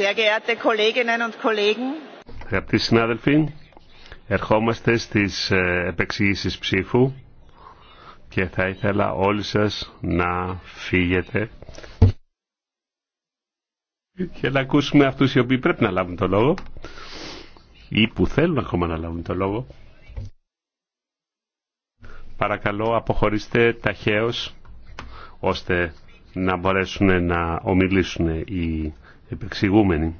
Sehr Αγαπητοί συνάδελφοι, ερχόμαστε στις ε, επεξηγήσεις ψήφου και θα ήθελα όλοι σας να φύγετε και να ακούσουμε αυτούς οι οποίοι πρέπει να λάβουν το λόγο ή που θέλουν ακόμα να λάβουν το λόγο. Παρακαλώ αποχωρήστε ταχαίως ώστε να μπορέσουν να ομιλήσουν οι επεξηγούμενη